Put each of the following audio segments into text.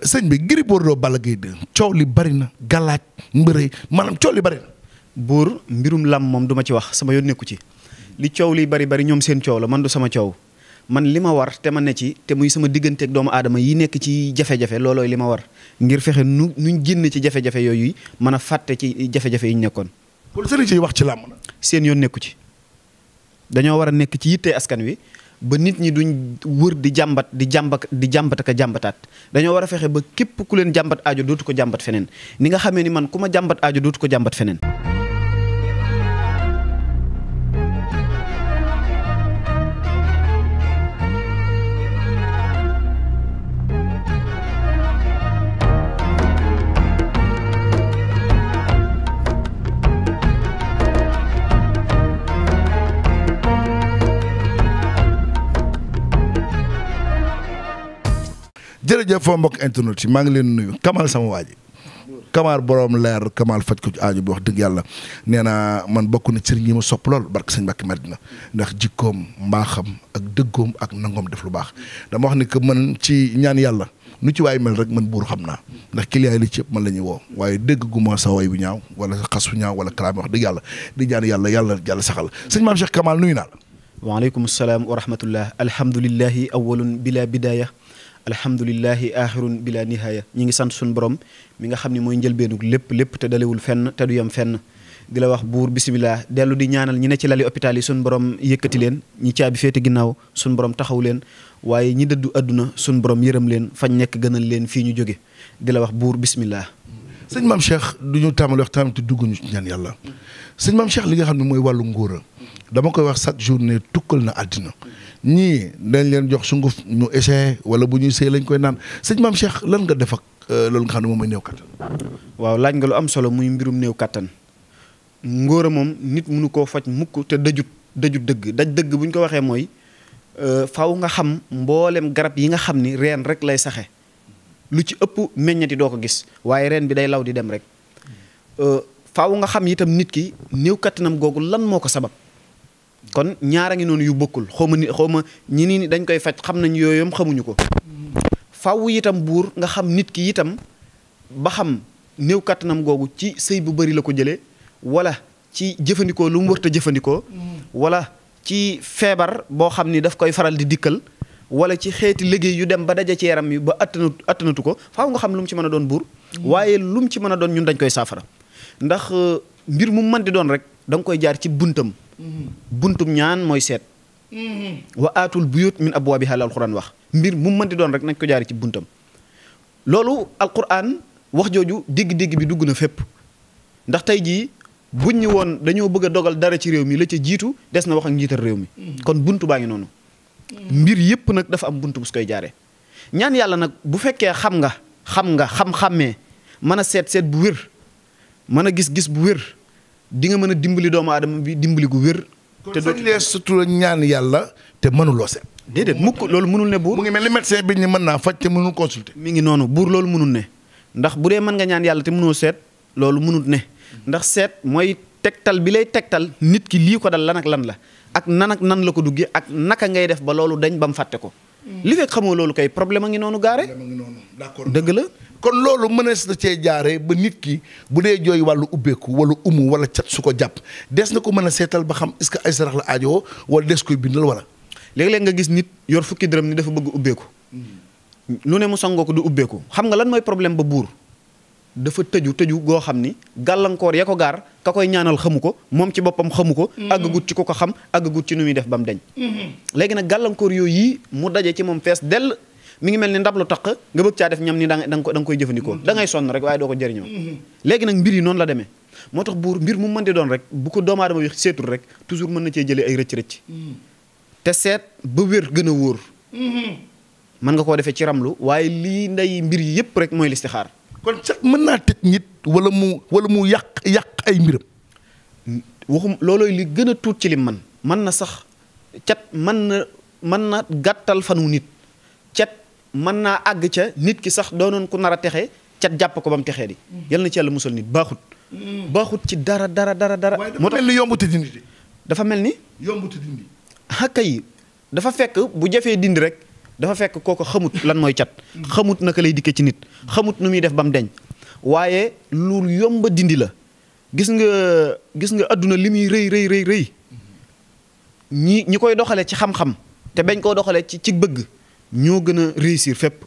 sëñ bi Gris Bordeaux Balla Gaye 2 coow li bari na galaaj mbëre maanaam coow li bari buur mbirum lam moom du ci wax sama yoon nekku ci li coow liy bari bari ñoom seen coow la man du sama coow man li ma war te ma ne ci te muy sama digganteeg doomu aadama yi nekk ci jafe-jafe loolooy li ma war ngir fexe nu nuñ génn ci jafe-jafe yooyu mën a fàtte ci jafe-jafe yi nekkoon. kon sëriñ si wax ci làmm na. seen yoon nekku ci dañoo war a nekk ci yitte askan wi. ba nit ñi duñ wër di jàmbat di jàmbat di jàmbat ak jàmbataat dañoo war a fexe ba képp ku leen jàmbat ajo dootu ko jàmbat feneen ni nga xamee ni man ku ma jàmbat aajo dootu ko jàmbat feneen jërëjëf foo mbokk internet yi maa ngi leen nuyu Kamal sama waa ji boroom borom leer Kamal faj ko ci aaju bi wax dëgg yàlla nee naa man bokk na ci ñi ma sopp lool barke sëñ Mbàkke Madina ndax jikkoom mbaaxam ak dëggoom ak nangoom def lu baax dama wax ni que man ci ñaan yàlla nu ci waay mel rek man buur xam naa ndax client li ci yëpp man la ñuy woo waaye dégg gu ma sa way bu ñaaw wala xas bu ñaaw wala kalaam wax dëgg yàlla di ñaan yàlla yàlla yàlla saxal sëñ maam Cheikh Kamal nuyu naa la. waaleykum salaam wa rahmatullah alhamdulilahi awalun bila bidaya alhamdulilahi ahirun bila nihaaya ñi ngi sant suñu borom mi nga xam ne mooy njëlbeenug lépp lépp te dalewul fenn te du yem fenn di la wax buur bisimilah dellu di ñaanal ñi ne ci lali hôpital yi sunu borom yëkkati leen ñi caabi féete ginnaaw suñu borom taxaw leen waaye ñi dëddu àdduna suñu borom yërëm leen fañ nekk gënal leen fii ñu jóge di la wax buur bisimilah sëñ maam Cheikh du ñu tàmbali wax tamit dugguñu ci ñaan yàlla sëñ mam Cheikh li nga xam ne mooy wàllu ngóora dama koy wax chaque journée tukkal na àddina ñii dañ leen jox sunguf ñu essayé wala bu ñuy sëy lañ koy naan sëñ mam Cheikh lan nga def ak euh, loolu nga xam ne moom mooy néew kattan. waaw laaj nga lu am solo muy mbirum néew kattan ngóora moom nit mënu ko faj mukk te dajut dajut dëgg daj dëgg bu ñu ko waxee mooy euh, faw nga xam mboolem garab yi nga xam ni reen rek lay saxe lu ci ëpp meññati doo ko gis waaye reen bi day law di dem rek euh, faw nga xam itam nit ki néew kattanam googu lan moo ko sabab kon ñaara ngi noonu yu bokkul xaw ma ni xaw ma ñi nii dañ koy faj xam nañ yooyam xamuñu ko faaw itam buur nga xam nit ki itam ba xam néew kattanam googu ci sëy bu bari la ko jëlee walla ci jëfandikoo lu mu warta jëfandikoo mm. walla ci feebar boo xam ni daf koy faral di dikkal wala ci xeeti liggéey yu dem ba daja ci yaram yi ba attanatu attanatu ko faaw nga xam lu mu ci mën a doon buur mm. waaye lu mu ci mën a doon ñun dañ koy saafara ndax euh, mbir mu mën di doon rek danga koy jaar ci buntam mm-hmm. buntum ñaan mooy seet mm-hmm. wa aatul buyut min abwaabiha la alquran wax mbir mu mën di doon rek nañ ko jaar ci buntam loolu alquran wax jooju digg dégg bi dugg na fépp ndax tey jii buñ ñu woon dañoo bëgg dogal dara ci réew mi la ca jiitu des na wax ak njiital réew mi mm-hmm. kon bunt baa ngi noonu mbir yëpp nag dafa am bunt bu su koy jaaree. ñaan yàlla nag bu fekkee xam nga xam nga xam-xamee mën a seet seet bu wér mën a gis-gis bu wér di nga mën a dimbali doomu aadama bi dimbali gu wér. te doo ci surtout ñaan yàlla te mënuloo seet. déedéet mukk loolu mënul ne buur. mu ngi mel ni médecin bi ñu mën naa faj te mënul consulter. mi ngi noonu buur loolu munul ne ndax bu dee mën nga ñaan yàlla te mënoo seet loolu mënut ne ndax seet mooy tegtal bi lay tegtal nit ki lii ko dal la nag lan la ak nan ak nan la ko duggee ak naka ngay def ba loolu dañ ba mu fàtte ko. Mm. li fekk xamoo loolu kay problème a ngi noonu gaare. d'accord dëgg la. kon loolu mën a na cee jaare ba nit ki bu dee jooy wàllu ubbeeku wala umu wala cat su ko jàpp des na ko mën a seetal ba xam est-ce que ay sarax la aajoo wala des koy bindal wala. léeg-léeg nga gis nit yor fukki dërëm ni dafa bëgg ubbeeku. Mm. lu ne mu sangoo ko du ubbeeku xam nga lan mooy problème ba buur. dafa tëju tëju goo xam ni gàllankoor ya ko gaar ka koy ñaanal xamu ko moom ci boppam xamu ko mm-hmm. àggagut ci ko ko xam àggagut ci nu muy def ba mu deñ mm-hmm. léegi nag gàllankoor yooyu yi mu daje ci moom fees dell mu ngi mel ni ndab lu taq nga bëgg caa def ñam ni danga ko da koy jëfandikoo mm-hmm. da ngay sonn rek waaye doo ko jëriñoo léegi nag mbir yi noonu la demee moo tax buur mbir mu mën di doon rek bu ko doomu aadama bi seetul rek toujours mën na cee jëlee ay rëcc-rëcc te seet ba wér gën a wóor mën nga koo defee ci ramlu waaye lii nday mbir yi yëpp rek mooy listixaar kon sax mën naa tëj nit wala mu wala mu yàq yàq ay mbiram. waxum loolooy li gën a tuut ci lim man mën na sax ca mën na mën na gàttal fan wu nit cat mën naa àgg ca nit ki sax doonoon ku nar a texe cat jàpp ko ba mu texee di. Mm. yal na ci yàlla musal nit baaxut. Mm. baaxut ci dara dara dara dara. moo tax mel ni yomb te dindi. dafa mel ni. yomb yi dafa fekk bu jafee dindi rek dafa fekk kooku xamut lan mooy cat xamut naka lay dikke ci nit xamut nu muy def ba mu deñ waaye lu yomba dindi la gis nga gis nga adduna li muy rëy rëy rëy rëy ñi ñi koy doxale ci xam-xam te bañ koo doxale ci ci bëgg ñoo gën a réussir fépp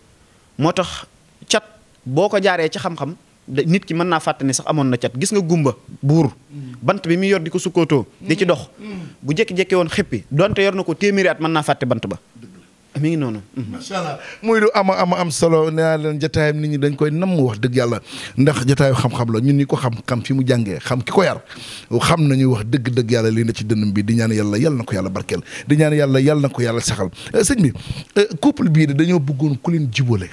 moo tax cat boo ko jaaree ci xam-xam nit ki mën naa fàtte ne sax amoon na cat gis nga gumba buur bant bi muy yor di ko sukkootoo di ci dox mm. Mm. bu jékki-jékki woon xippi donte yor na ko téeméeri at mën naa fàtte bant ba mi ngi noonu. Mhm. macha allah muy lu ama ama am solo nee naa leen jotaayam nit ñi dañ koy nam wax dëgg yàlla ndax jotaayu xam-xam la ñun ñi ko xam xam fi mu jàngee xam ki ko yar xam nañu wax dëgg dëgg yàlla lii na ci dënnam bi di ñaan yàlla yàlla na ko yàlla barkeel di ñaan yàlla yàlla na ko yàlla saxal eh, sëñ bi eh, couple bii de dañoo bëggoon ku leen jubale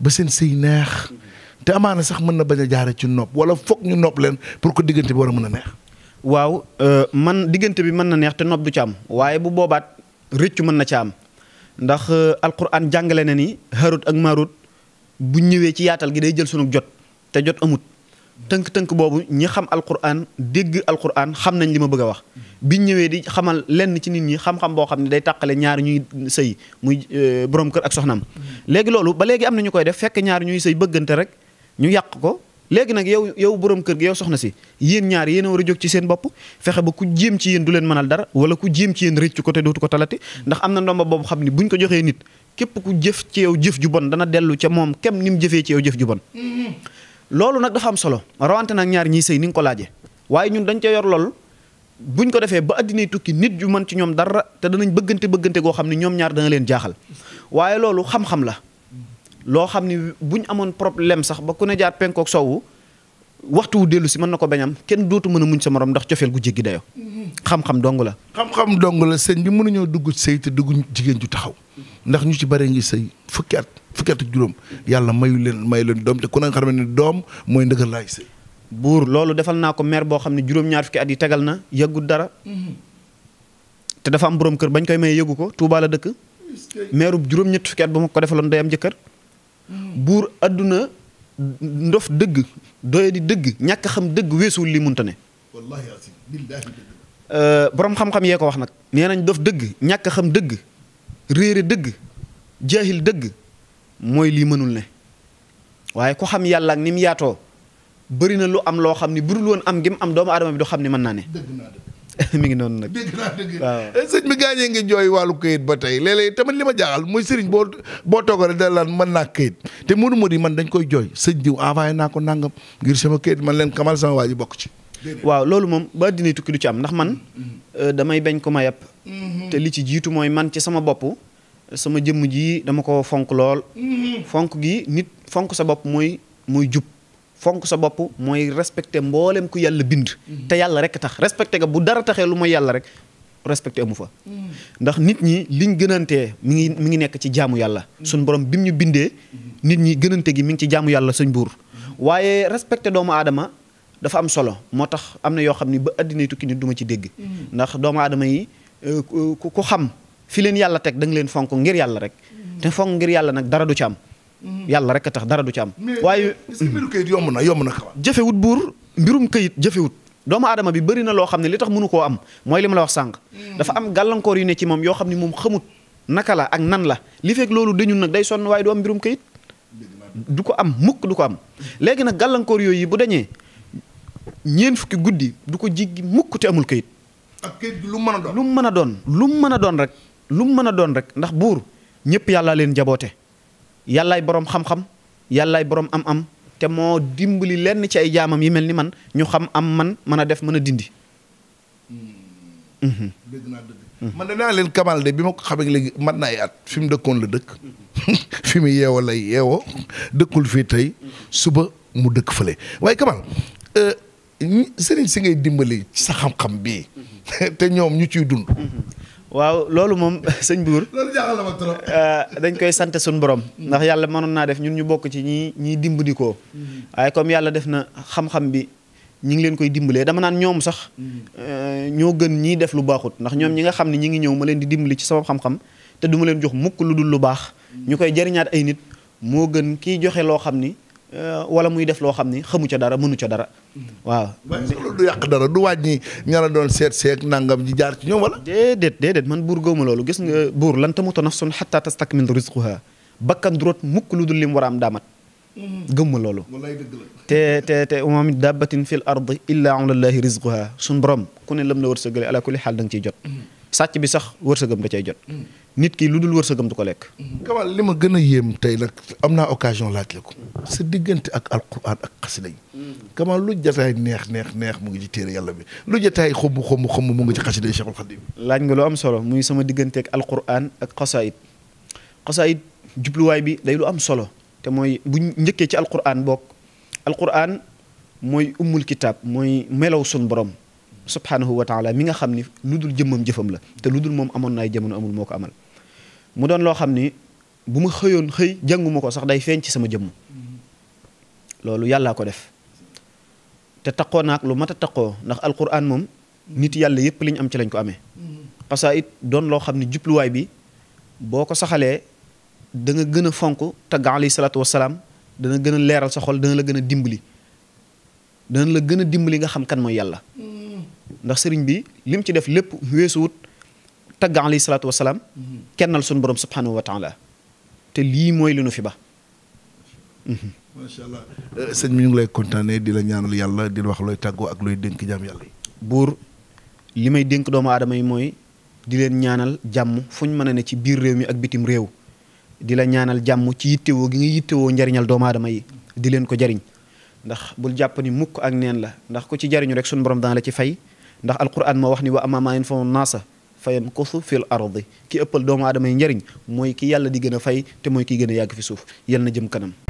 ba seen sëy neex te amaana sax mën na bañ a jaare ci nopp wala foog ñu nopp leen pour que diggante bi war a mën a neex. waaw euh, man diggante bi mën na neex te nopp du ci am waaye bu boobaat rëccu mën na ci am ndax euh, alquran jàngale na ni harut ak marut bu ñëwee ci yaatal gi day jël sunu jot te jot amut tënk-tënk boobu ñi xam alquran dégg alquran xam nañ li ma bëgg a wax biñ ñëwee di xamal lenn ci nit ñi xam-xam boo xam ne day tàqale ñaar ñuy sëy muy euh, borom kër ak soxnaam mm-hmm. léegi loolu ba léegi am na ñu koy def fekk ñaari ñuy sëy bëggante rek ñu yàq ko léegi nag yow yow borom kër gi yow soxna si yéen ñaar yéen a war a jóg ci seen bopp fexe ba ku jéem ci yéen du leen mënal dara wala ku jéem ci yéen rëcc ko te dootu ko talati ndax am na ndomba boobu xam ni buñ ko joxee nit képp ku jëf ci yow jëf ju bon dana dellu ca moom kem ni mu jëfee ci yow jëf ju bon mm-hmm. loolu nag dafa am solo rawante nag ñaar ñiy sëy ni nga ko laajee waaye ñun dañ ca yor lool ñu ko defee ba addinay tukki nit ju mën ci ñoom dara te danañ bëggante bëggante goo ne ñoom ñaar dana leen jaaxal waaye loolu xam la loo xam ni bu ñu amoon problème sax ba ku ne jaar penkook sowwu waxtu wu dellu si mën na ko bañam kenn dootu mën a muñ sa moroom ndax cofeel gu jéggi dayo xam-xam dong la. xam-xam dong la sëñ bi mënuñoo dugg sëy te dugg jigéen ju taxaw ndax ñu ci bare ngi sëy fukki at fukki juróom yàlla mayu leen mayu leen doom te ku ne ne doom mooy ndëgër laay sëy. loolu defal naa ko mère boo xam ne juróom at yi tegal na yëggu dara. te dafa am borom kër bañ koy maye yëgu ko Touba la dëkk. mère juróom-ñett fukki at ba ma ko defaloon day am jëkkër. buur àdduna ndof dëgg doye di dëgg ñàkk xam dëgg weesuwul li munta ne euh, borom xam-xam yee ko wax nag nee nañ dof dëgg ñàkk xam dëgg réere dëgg jaahil dëgg mooy lii mënul ne waaye ku xam yàlla ak ni mu yaatoo bëri na lu am loo xam ni bu dul woon am gi mu am doomu aadama bi doo xam ni mën naa ne mi ngi noonu nag dégg naa dëgg gaañee ngi jooy wàllu kayit ba tey léeg te man li ma jaaxal mooy sëriñ boo boo toogare da laan mën naa këyit te mënuma di man dañ koy jooy sëñ diw envoyé naa ko nangam ngir sama kayit man leen kamal sama waa ji bokk ci waaw loolu moom ba dina tukki du ci am ndax man mm-hmm. euh, damay bañ ko ma yàpp mm-hmm. te li ci jiitu mooy man ci sama bopp sama jëmm ji dama ko fonk lool mm-hmm. fonk gi nit fonk sa bopp mooy mooy jub fonk sa bopp mooy respecté mboolem ku yàlla bind. Mhm. te yàlla rek tax respecté nga bu dara taxee lu mooy yàlla rek respecté amu fa. Mhm. ndax nit ñi liñ gënantee mi ngi mu ngi nekk ci jaamu yàlla. Mhm. suñ borom bim ñu bindee. nit ñi gënante gi mi ngi ci jaamu yàlla sañ buur. waaye respecté doomu aadama dafa am solo moo tax am na yoo xam ni ba addinay tukki nit du ci dégg. ndax doomu aadama yi euh, ku xam fi leen yàlla teg da leen fonk ngir yàlla rek. te fonk yàlla nag dara du ci am. Mm-hmm. yàlla rek a tax dara du ci am. waaye est mm-hmm. yomb na yomb na kaw. jëfewut buur mbirum kayit jëfewut doomu aadama bi bëri na loo xam ne li tax mënu koo am mooy li ma la wax sànq. Mm-hmm. dafa am gàllankoor yu ne ci moom yoo xam ne moom xamut naka la ak nan la li fekk loolu dañun nag day sonn waaye du am mbirum kayit. du ko am mukk du ko am léegi nag gàllankoor yooyu bu deñee ñeen fukki guddi du ko jiggi mukk te amul kayit. ak lu mu mën a doon lu mu mën a doon. lu mu mën a doon rek lu mën a doon rek ndax buur ñëpp yàlla leen jaboote yàllaay boroom xam-xam yàllaay boroom am-am te moo dimbali lenn ci ay jaamam yi mel ni man ñu xam am man mën a def mën a dindi. mën hmm. mhm. naa dëgg. Hmm. leen kamal de bi ma ko xamee léegi mat na at fi mu dëkkoon la dëkk. fi mu yeewoo lay yeewoo dëkkul fii tey suba mu dëkk fële waaye kamal euh, sëriñ si ngay dimbali ci sa xam-xam bii hmm. te ñoom ñu ciy dund. waaw loolu moom sëñ Buur loolu euh, dañ koy sant suñ borom ndax yàlla mënoon naa def ñun ñu bokk ci ñii ñiy dimbali ko mm-hmm. waaye comme yàlla def na xam-xam bi ñi ngi leen koy dimbalee dama naan ñoom sax mm-hmm. euh, ñoo gën ñiy def lu baaxut ndax ñoom ñi nga xam ne ñi ngi ñëw ma leen di dimbali ci sama xam-xam te duma leen jox mukk lu dul lu baax mm-hmm. ñu koy jariñaat ay nit moo gën kiy joxe loo xam ni Euh, wala muy def loo xam ni xamu ca dara mënu ca dara waaw. loolu du yàq dara du wàññi ña la doon seet seet nangam ji jaar ci ñoom wala. déedéet déedéet man buur góoma loolu gis nga buur lan tamuta nafsun hatta tastakmil rizquha bakkan duroot mukk lu dul lim war a am daamat. gëmma loolu. te te te wa maa min daabbatin fil ardi illaa la llaahi rizquha suñu borom ku ne lam la wërsëgale ala kulli xaal da nga jot. sàcc bi sax wërsëgam da cay jot. Mm. nit ki lu dul wërsëgam du ko lekk. Mm. kawal li ma gën a yéem tey nag am naa occasion laaj la sa diggante ak alquran ak xasida yi. Mm. kawal neex neex neex mu ngi yàlla bi lu jataay xomb xomb xomb mu ngi ci xasida yi Cheikhul Khadim. laaj nga lu am solo muy sama diggante ak alquran ak xasaayid xasaayid jubluwaay bi day lu am solo te mooy bu njëkkee ci alquran bokk alquran mooy ummul kitaab mooy melaw sun borom. subhaanahu wa taala mi nga xam ni lu dul jëmmam jëfam la te lu dul moom amoon naa ay jamono amul moo ko amal mu doon loo xam ni bu ma xëyoon xëy jànguma ko sax day feeñ ci sama jëmm loolu yàllaa ko def te taqoo naag lu mat a taqoo ndax alquran moom nit yàlla yépp li ñu am ci lañ ko amee parce que it doon loo xam ni jubluwaay bi boo ko saxalee danga nga gën a fonk tagg alayhi salaatu wasalaam dana gën a leeral sa xol dana la gën a dimbali dana la gën a dimbali nga xam kan mooy yàlla mm. ndax sëriñ bi lim ci def lépp weesuwut tagg alayhi salaatu wasalaam kennal suñu borom subhanahu wa taala te lii mooy li nu fi ba mhm. macha allah euh, ngi lay contane di la ñaanal yàlla di wax looy tàggoo ak looy dénk jaam yàlla buur li may dénk doomu aadama yi mooy di leen ñaanal jàmm fu ñu mën a ne ci biir réew mi ak bitim réew di la ñaanal jàmm ci yittewoo gi nga yittewoo njariñal doomu adama yi di leen ko jariñ ndax bul jàpp ni mukk ak neen la ndax ko ci jariñu rek suñu borom dana la ci fay ndax al alquran moo wax ni wa amma maa yanfa'u naasa fa yamkuthu fil ardi ki ëppal doomu aadama yi njariñ mooy kii yàlla di gën a fay te mooy kii gën a yàgg fi suuf yal na jëm kanam